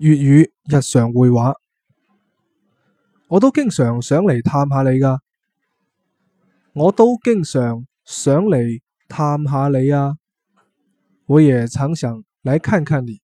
粵語日常會話，我都經常想嚟探下你㗎，我都經常想嚟探下你啊！我也常想來看看你。